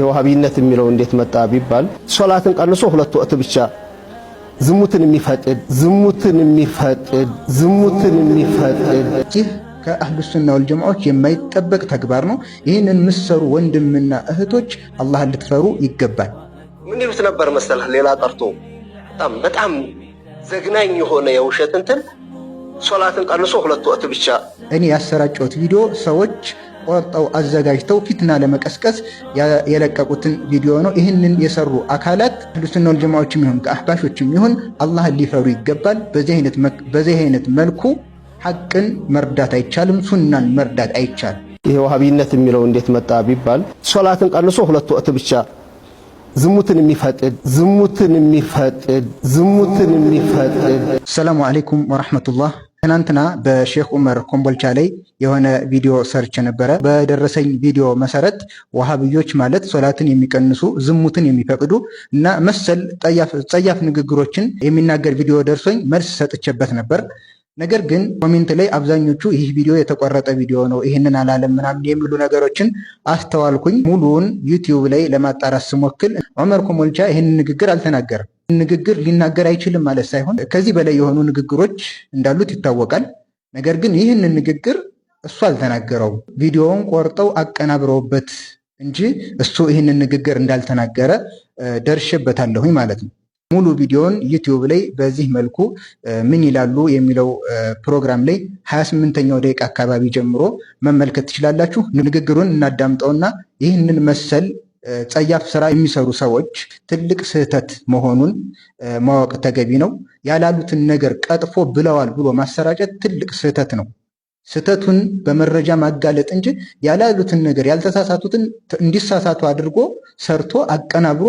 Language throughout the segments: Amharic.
የዋሃቢነት የሚለው እንዴት መጣ ቢባል ሶላትን ቀንሶ ሁለት ወቅት ብቻ ዝሙትን የሚፈቅድ ዝሙትን የሚፈቅድ ዝሙትን የሚፈቅድ ይህ ከአህሉ ሱና ወልጀማዎች የማይጠበቅ ተግባር ነው። ይህንን ምሰሩ ወንድምና እህቶች አላህ ልትፈሩ ይገባል። ምን ይሉት ነበር መሰለህ? ሌላ ጠርቶ በጣም በጣም ዘግናኝ የሆነ የውሸት እንትን ሶላትን ቀንሶ ሁለት ወቅት ብቻ እኔ ያሰራጨሁት ቪዲዮ ሰዎች ቆርጠው አዘጋጅተው ፊትና ለመቀስቀስ የለቀቁትን ቪዲዮ ነው። ይህንን የሰሩ አካላት አህሉሱና ጀማዎችም ይሁን ከአህባሾችም ይሁን አላህን ሊፈሩ ይገባል። በዚህ አይነት መልኩ ሐቅን መርዳት አይቻልም። ሱናን መርዳት አይቻልም። ይሄ ዋሃቢነት የሚለው እንዴት መጣ ቢባል ሶላትን ቀንሶ ሁለት ወቅት ብቻ ዝሙትን የሚፈጥድ ዝሙትን የሚፈጥድ ዝሙትን የሚፈጥድ ሰላሙ አለይኩም ወረሕመቱላህ ትናንትና በሼክ ኡመር ኮምቦልቻ ላይ የሆነ ቪዲዮ ሰርች ነበረ። በደረሰኝ ቪዲዮ መሰረት ዋሃብዮች ማለት ሶላትን የሚቀንሱ ዝሙትን የሚፈቅዱ እና መሰል ጸያፍ ንግግሮችን የሚናገር ቪዲዮ ደርሶኝ መልስ ሰጥቼበት ነበር። ነገር ግን ኮሜንት ላይ አብዛኞቹ ይህ ቪዲዮ የተቆረጠ ቪዲዮ ነው፣ ይህንን አላለም ምናምን የሚሉ ነገሮችን አስተዋልኩኝ። ሙሉውን ዩቲዩብ ላይ ለማጣራት ስሞክል ዑመር ኮምቦልቻ ይህንን ንግግር አልተናገርም። ንግግር ሊናገር አይችልም ማለት ሳይሆን ከዚህ በላይ የሆኑ ንግግሮች እንዳሉት ይታወቃል። ነገር ግን ይህንን ንግግር እሱ አልተናገረው ቪዲዮውን ቆርጠው አቀናብረውበት እንጂ እሱ ይህንን ንግግር እንዳልተናገረ ደርሼበታለሁኝ ማለት ነው። ሙሉ ቪዲዮውን ዩቲዩብ ላይ በዚህ መልኩ ምን ይላሉ የሚለው ፕሮግራም ላይ ሀያ ስምንተኛው ደቂቃ አካባቢ ጀምሮ መመልከት ትችላላችሁ። ንግግሩን እናዳምጠውና ይህንን መሰል ጸያፍ ስራ የሚሰሩ ሰዎች ትልቅ ስህተት መሆኑን ማወቅ ተገቢ ነው። ያላሉትን ነገር ቀጥፎ ብለዋል ብሎ ማሰራጨት ትልቅ ስህተት ነው። ስህተቱን በመረጃ ማጋለጥ እንጂ ያላሉትን ነገር ያልተሳሳቱትን እንዲሳሳቱ አድርጎ ሰርቶ አቀናብሮ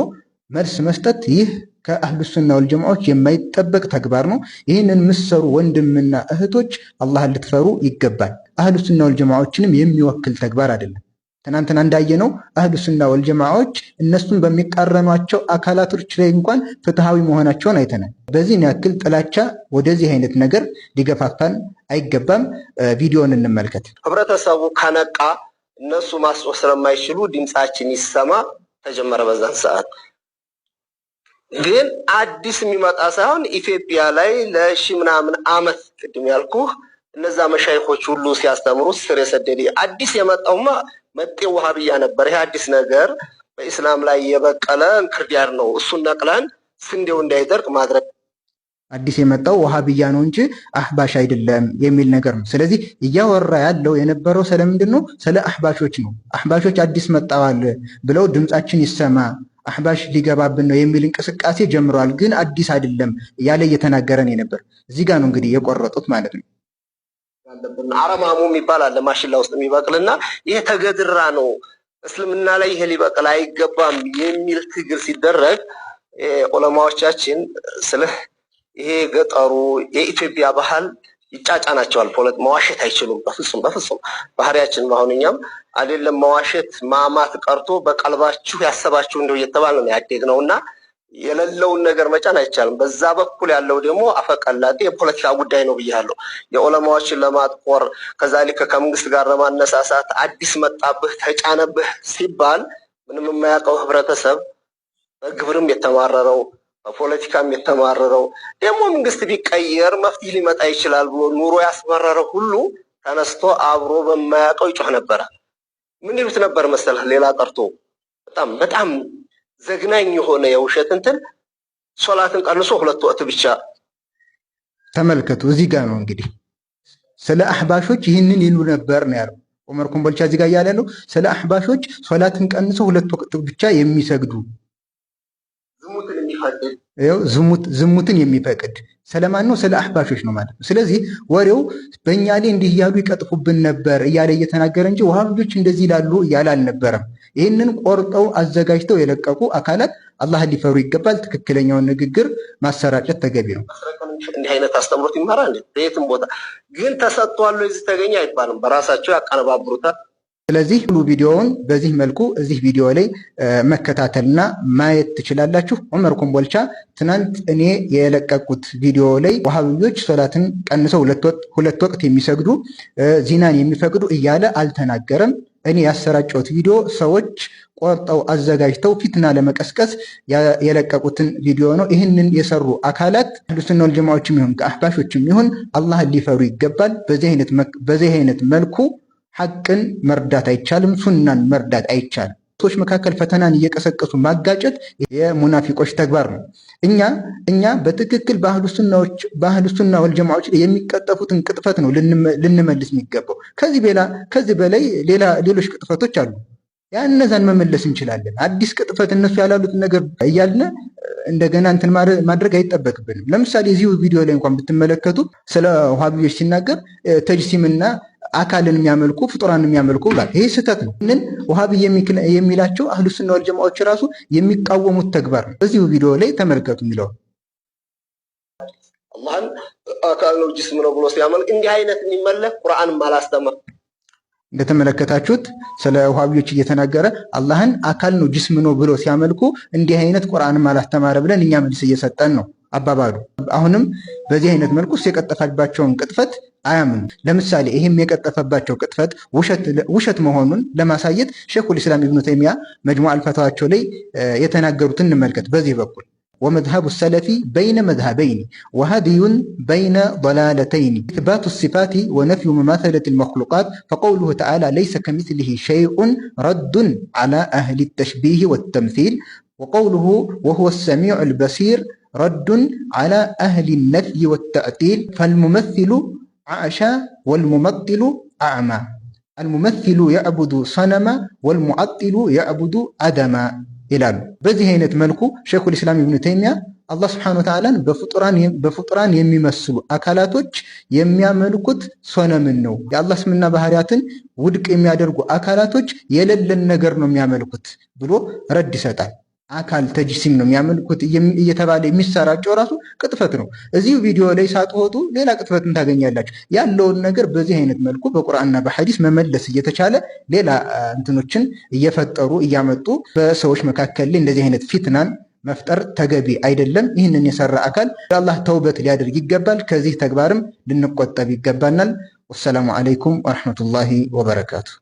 መልስ መስጠት ይህ ከአህልሱና ወልጀማዎች የማይጠበቅ ተግባር ነው። ይህንን ምሰሩ ወንድምና እህቶች አላህ ልትፈሩ ይገባል። አህልሱና ወልጀማዎችንም የሚወክል ተግባር አይደለም። ትናንትና እንዳየነው አህሉ ሱና ወልጀማዎች እነሱን በሚቃረኗቸው አካላቶች ላይ እንኳን ፍትሃዊ መሆናቸውን አይተናል። በዚህን ያክል ጥላቻ ወደዚህ አይነት ነገር ሊገፋፋን አይገባም። ቪዲዮን እንመልከት። ህብረተሰቡ ከነቃ እነሱ ማስጮህ ስለማይችሉ ድምፃችን ይሰማ ተጀመረ። በዛን ሰዓት ግን አዲስ የሚመጣ ሳይሆን ኢትዮጵያ ላይ ለሺ ምናምን አመት ቅድም ያልኩህ እነዛ መሻይኮች ሁሉ ሲያስተምሩት ስር የሰደደ አዲስ የመጣውማ መጤ ውሃብያ ነበር። ይሄ አዲስ ነገር በኢስላም ላይ የበቀለ እንክርዳድ ነው። እሱን ነቅለን ስንዴው እንዳይደርቅ ማድረግ አዲስ የመጣው ውሃብያ ነው እንጂ አህባሽ አይደለም የሚል ነገር ነው። ስለዚህ እያወራ ያለው የነበረው ስለምንድን ነው? ስለ አህባሾች ነው። አህባሾች አዲስ መጣዋል ብለው ድምፃችን ይሰማ አህባሽ ሊገባብን ነው የሚል እንቅስቃሴ ጀምረዋል። ግን አዲስ አይደለም እያለ እየተናገረን የነበር እዚህ ጋ ነው እንግዲህ የቆረጡት ማለት ነው። አለብን። አረማሙ የሚባል አለ ማሽላ ውስጥ የሚበቅልና ይሄ ተገድራ ነው እስልምና ላይ ይሄ ሊበቅል አይገባም የሚል ትግል ሲደረግ ዑለማዎቻችን ስለ ይሄ ገጠሩ የኢትዮጵያ ባህል ይጫጫናቸዋል። ፖለት መዋሸት አይችሉም በፍጹም በፍጹም ባህሪያችን አሁን እኛም አይደለም መዋሸት ማማት ቀርቶ በቀልባችሁ ያሰባችሁ እንደው እየተባለ ነው ያደግ ነው እና የሌለውን ነገር መጫን አይቻልም። በዛ በኩል ያለው ደግሞ አፈቀላጤ የፖለቲካ ጉዳይ ነው ብያለሁ። የዑለማዎችን ለማጥቆር ከዛሊከ ከመንግስት ጋር ለማነሳሳት አዲስ መጣብህ ተጫነብህ ሲባል ምንም የማያውቀው ህብረተሰብ በግብርም የተማረረው በፖለቲካም የተማረረው ደግሞ መንግስት ቢቀየር መፍትሄ ሊመጣ ይችላል ብሎ ኑሮ ያስመረረ ሁሉ ተነስቶ አብሮ በማያውቀው ይጮህ ነበረ። ምን ይሉት ነበር መሰለህ? ሌላ ቀርቶ በጣም በጣም ዘግናኝ የሆነ የውሸት እንትን ሶላትን ቀንሶ ሁለት ወቅት ብቻ ተመልከቱ። እዚህ ጋር ነው እንግዲህ ስለ አህባሾች ይህንን ይሉ ነበር ነው ያለው ዑመር ኮምቦልቻ እዚህ ጋር እያለ ነው ስለ አህባሾች ሶላትን ቀንሶ ሁለት ወቅት ብቻ የሚሰግዱ ዝሙትን የሚፈቅድ ስለማን ነው? ስለ አህባሾች ነው ማለት ነው። ስለዚህ ወሬው በእኛ ላይ እንዲህ እያሉ ይቀጥፉብን ነበር እያለ እየተናገረ እንጂ ውሃብጆች እንደዚህ ይላሉ እያለ አልነበረም። ይህንን ቆርጠው አዘጋጅተው የለቀቁ አካላት አላህ ሊፈሩ ይገባል። ትክክለኛውን ንግግር ማሰራጨት ተገቢ ነው። እንዲህ አይነት አስተምሮት ይማራል። በየትም ቦታ ግን ተሰጥቷል እዚህ ተገኘ አይባልም። በራሳቸው ያቀነባብሩታል። ስለዚህ ሁሉ ቪዲዮውን በዚህ መልኩ እዚህ ቪዲዮ ላይ መከታተልና ማየት ትችላላችሁ። ዑመር ኮምቦልቻ ትናንት እኔ የለቀቁት ቪዲዮ ላይ ዋሃብዮች ሶላትን ቀንሰው ሁለት ወቅት የሚሰግዱ ዚናን የሚፈቅዱ እያለ አልተናገረም። እኔ ያሰራጨሁት ቪዲዮ ሰዎች ቆርጠው አዘጋጅተው ፊትና ለመቀስቀስ የለቀቁትን ቪዲዮ ነው። ይህንን የሰሩ አካላት አህሉሱና ወልጀማዎችም ይሁን ከአህባሾችም ይሁን አላህን ሊፈሩ ይገባል። በዚህ አይነት መልኩ ሐቅን መርዳት አይቻልም። ሱናን መርዳት አይቻልም። ሰዎች መካከል ፈተናን እየቀሰቀሱ ማጋጨት የሙናፊቆች ተግባር ነው። እኛ እኛ በትክክል በአህሉ ሱና ወልጀማዎች የሚቀጠፉትን ቅጥፈት ነው ልንመልስ የሚገባው። ከዚህ ከዚህ በላይ ሌሎች ቅጥፈቶች አሉ። ያነዛን መመለስ እንችላለን። አዲስ ቅጥፈት እነሱ ያላሉትን ነገር እያልን እንደገና እንትን ማድረግ አይጠበቅብንም። ለምሳሌ እዚሁ ቪዲዮ ላይ እንኳን ብትመለከቱ ስለ ውሃብዮች ሲናገር ተጅሲምና አካልን የሚያመልኩ ፍጡራን የሚያመልኩ ብሏል። ይህ ስህተት ነው። ንን ውሃብይ የሚላቸው አህሉስና ወልጀማዎች ራሱ የሚቃወሙት ተግባር ነው። በዚሁ ቪዲዮ ላይ ተመልከቱ የሚለው አላህን አካል ነው ጅስም ነው ብሎ ሲያመልክ እንዲህ አይነት የሚመለክ ቁርአንም አላስተማር እንደተመለከታችሁት ስለ ውሃቢዎች እየተናገረ አላህን አካል ነው ጅስም ነው ብሎ ሲያመልኩ እንዲህ አይነት ቁርአንም አላስተማረ ብለን እኛ መልስ እየሰጠን ነው አባባሉ። አሁንም በዚህ አይነት መልኩ ውስጥ የቀጠፋባቸውን ቅጥፈት አያምኑም። ለምሳሌ ይህም የቀጠፈባቸው ቅጥፈት ውሸት መሆኑን ለማሳየት ሼኹል ኢስላም ኢብኑ ተይሚያ መጅሙዕ አልፈታዋቸው ላይ የተናገሩትን እንመልከት። በዚህ በኩል ወመዝሃቡ ሰለፊ በይነ መዝሃበይኒ ወሀድዩን በይነ ضላለተይኒ ኢትባቱ ሲፋቲ ወነፍዩ መማሰለት ልመክሉቃት ፈቀውሉሁ ተዓላ ለይሰ ከሚስሊሂ ሸይኡን ረዱን ዓላ አህሊ ተሽቢህ ወተምሲል ወቀውሉሁ ወሁወ ሰሚዑ ልበሲር ረዱን ዓላ አህሊ ነፍይ ወተዕጢል ፈልሙመሲሉ ዓእሻ ወልሙመጢሉ አዕማ አልሙመሲሉ ያዕቡዱ ሰነማ ወልሙአጢሉ ያዕቡዱ አደማ ይላሉ። በዚህ አይነት መልኩ ሸይኹል ኢስላም ኢብኑ ተይሚያ አላህ ስብሐነ ወተዓላን በፍጡራን የሚመስሉ አካላቶች የሚያመልኩት ሶነምን ነው። የአላህ ስምና ባህሪያትን ውድቅ የሚያደርጉ አካላቶች የሌለን ነገር ነው የሚያመልኩት ብሎ ረድ ይሰጣል። አካል ተጅሲም ነው የሚያመልኩት እየተባለ የሚሰራጨው ራሱ ቅጥፈት ነው። እዚሁ ቪዲዮ ላይ ሳትወጡ ሌላ ቅጥፈትን ታገኛላችሁ። ያለውን ነገር በዚህ አይነት መልኩ በቁርአንና በሐዲስ መመለስ እየተቻለ ሌላ እንትኖችን እየፈጠሩ እያመጡ በሰዎች መካከል ላይ እንደዚህ አይነት ፊትናን መፍጠር ተገቢ አይደለም። ይህንን የሰራ አካል ለአላህ ተውበት ሊያደርግ ይገባል። ከዚህ ተግባርም ልንቆጠብ ይገባናል። ወሰላሙ አለይኩም ወረሕመቱላሂ ወበረካቱ።